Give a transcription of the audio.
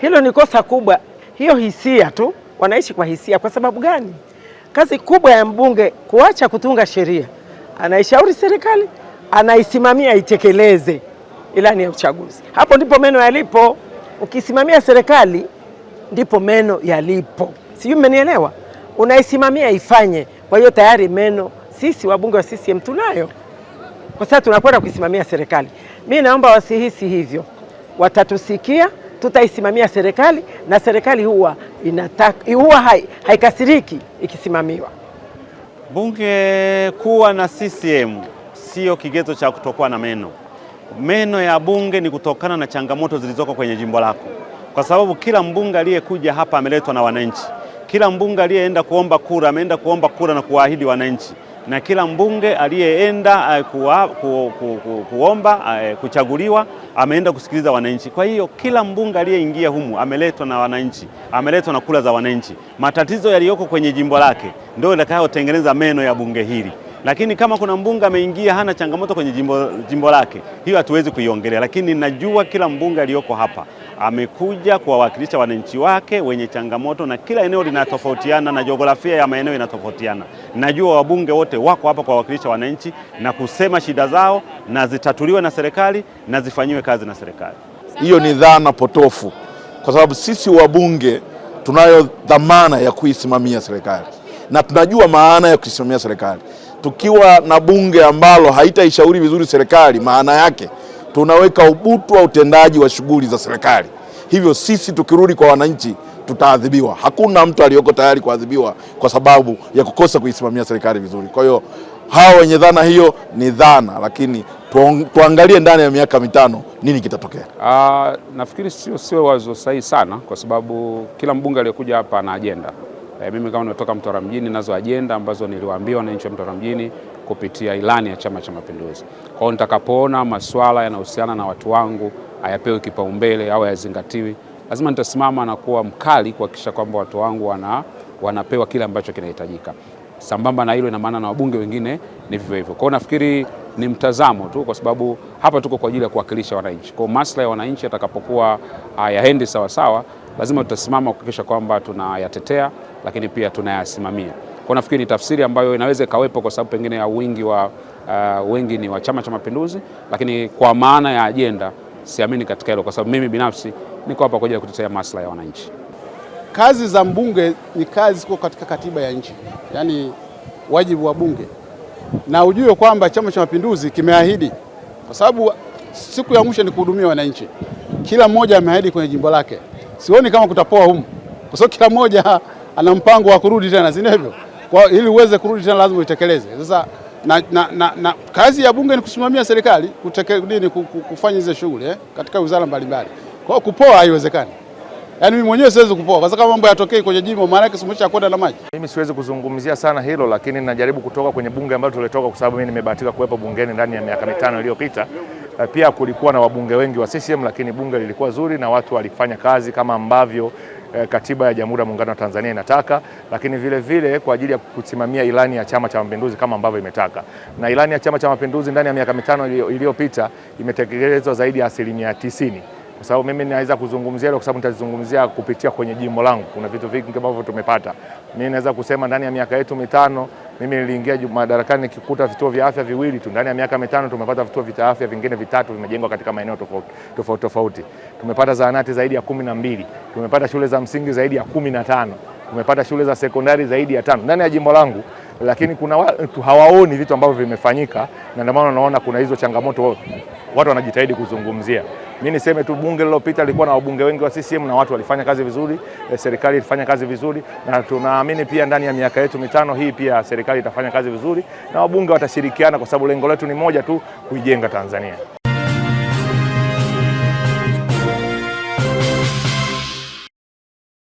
Hilo ni kosa kubwa, hiyo hisia tu, wanaishi kwa hisia. Kwa sababu gani? Kazi kubwa ya mbunge kuacha kutunga sheria, anaishauri serikali, anaisimamia itekeleze ilani ya uchaguzi. Hapo ndipo meno yalipo. Ukisimamia serikali ndipo meno yalipo, sijui mmenielewa. Unaisimamia ifanye. Kwa hiyo tayari meno sisi wabunge wa CCM tunayo, kwa sababu tunakwenda kuisimamia serikali. Mi naomba wasihisi hivyo, watatusikia tutaisimamia serikali na serikali huwa inataka, huwa haikasiriki ikisimamiwa. Bunge kuwa na CCM sio kigezo cha kutokuwa na meno. Meno ya bunge ni kutokana na changamoto zilizoko kwenye jimbo lako, kwa sababu kila mbunge aliyekuja hapa ameletwa na wananchi. Kila mbunge aliyeenda kuomba kura ameenda kuomba kura na kuwaahidi wananchi na kila mbunge aliyeenda eh, kuwa, ku, ku, ku, kuomba eh, kuchaguliwa ameenda kusikiliza wananchi. Kwa hiyo kila mbunge aliyeingia humu ameletwa na wananchi, ameletwa na kula za wananchi, matatizo yaliyoko kwenye jimbo lake ndio yatakayotengeneza meno ya bunge hili. Lakini kama kuna mbunge ameingia hana changamoto kwenye jimbo, jimbo lake, hiyo hatuwezi kuiongelea, lakini najua kila mbunge aliyoko hapa amekuja kuwawakilisha wananchi wake wenye changamoto, na kila eneo linatofautiana na jiografia ya maeneo inatofautiana. Najua wabunge wote wako hapa kuwawakilisha wananchi na kusema shida zao, na zitatuliwe na serikali na zifanyiwe kazi na serikali. Hiyo ni dhana potofu, kwa sababu sisi wabunge tunayo dhamana ya kuisimamia serikali na tunajua maana ya kuisimamia serikali tukiwa na bunge ambalo haitaishauri vizuri serikali, maana yake tunaweka ubutu wa utendaji wa shughuli za serikali. Hivyo sisi tukirudi kwa wananchi tutaadhibiwa. Hakuna mtu aliyoko tayari kuadhibiwa kwa sababu ya kukosa kuisimamia serikali vizuri. Kwa hiyo hawa wenye dhana hiyo ni dhana, lakini tuangalie ndani ya miaka mitano nini kitatokea. Uh, nafikiri sio sio wazo sahihi sana, kwa sababu kila mbunge aliyokuja hapa ana ajenda. E, mimi kama nimetoka Mtwara mjini nazo ajenda ambazo niliwaambia wananchi wa Mtwara mjini kupitia ilani ya Chama cha Mapinduzi. Kwa hiyo nitakapoona masuala yanayohusiana na watu wangu hayapewi kipaumbele au hayazingatiwi, lazima nitasimama na kuwa mkali kuhakikisha kwamba watu wangu wana, wanapewa kile ambacho kinahitajika. Sambamba na hilo, ina maana na wabunge wengine ni vivyo hivyo. Kwa hiyo nafikiri ni mtazamo tu, kwa sababu hapa tuko kwa ajili ya kuwakilisha wananchi. Kwa hiyo maslahi ya wananchi atakapokuwa hayaendi ah, sawasawa lazima tutasimama kuhakikisha kwamba tunayatetea, lakini pia tunayasimamia. Kwa nafikiri ni tafsiri ambayo inaweza ikawepo kwa sababu pengine ya wingi wa uh, wengi ni wa Chama cha Mapinduzi, lakini kwa maana ya ajenda siamini katika hilo, kwa sababu mimi binafsi niko hapa kwa ajili ya kutetea maslahi ya wananchi. Kazi za mbunge ni kazi ziko katika katiba ya nchi, yaani wajibu wa bunge, na ujue kwamba Chama cha Mapinduzi kimeahidi, kwa sababu siku ya mwisho ni kuhudumia wananchi. Kila mmoja ameahidi kwenye jimbo lake sioni kama kutapoa humu, kwa sababu kila mmoja ana mpango wa kurudi tena, si ndivyo? Kwa ili uweze kurudi tena lazima uitekeleze. Sasa na, na, na, na kazi ya bunge ni kusimamia serikali nini, kufanya hizo shughuli eh, katika wizara mbalimbali. Kwa hiyo kupoa haiwezekani. Yaani mimi mwenyewe siwezi kupoa kwa sababu mambo yatokee kwenye jimbo, maana yake sumesha kwenda na maji. Mimi siwezi kuzungumzia sana hilo, lakini najaribu kutoka kwenye bunge ambalo tulitoka, kwa sababu mimi nimebahatika kuwepo bungeni ndani ya miaka mitano iliyopita. Eh, pia kulikuwa na wabunge wengi wa CCM, lakini bunge lilikuwa zuri na watu walifanya kazi kama ambavyo eh, katiba ya Jamhuri ya Muungano wa Tanzania inataka, lakini vile vile kwa ajili ya kusimamia ilani ya Chama cha Mapinduzi kama ambavyo imetaka. Na ilani ya Chama cha Mapinduzi ndani ya miaka mitano iliyopita imetekelezwa zaidi ya asilimia tisini kwa sababu mimi naweza kuzungumzia hilo kwa sababu nitazungumzia kupitia kwenye jimbo langu. Kuna vitu vingi ambavyo tumepata. Mimi naweza kusema ndani ya miaka yetu mitano mimi niliingia madarakani nikikuta vituo vya afya viwili tu. Ndani ya miaka mitano tumepata vituo vya afya vingine vitatu vimejengwa katika maeneo tofauti tofauti tofauti. Tumepata zahanati zaidi ya kumi na mbili, tumepata shule za msingi zaidi ya kumi na tano, tumepata shule za sekondari zaidi ya tano ndani ya jimbo langu, lakini kuna watu hawaoni vitu ambavyo vimefanyika, na ndio maana unaona kuna hizo changamoto watu wanajitahidi kuzungumzia. Mimi niseme tu bunge lilopita lilikuwa na wabunge wengi wa CCM na watu walifanya kazi vizuri, eh, serikali ilifanya kazi vizuri, na tunaamini pia ndani ya miaka yetu mitano hii pia serikali itafanya kazi vizuri na wabunge watashirikiana, kwa sababu lengo letu ni moja tu, kuijenga Tanzania.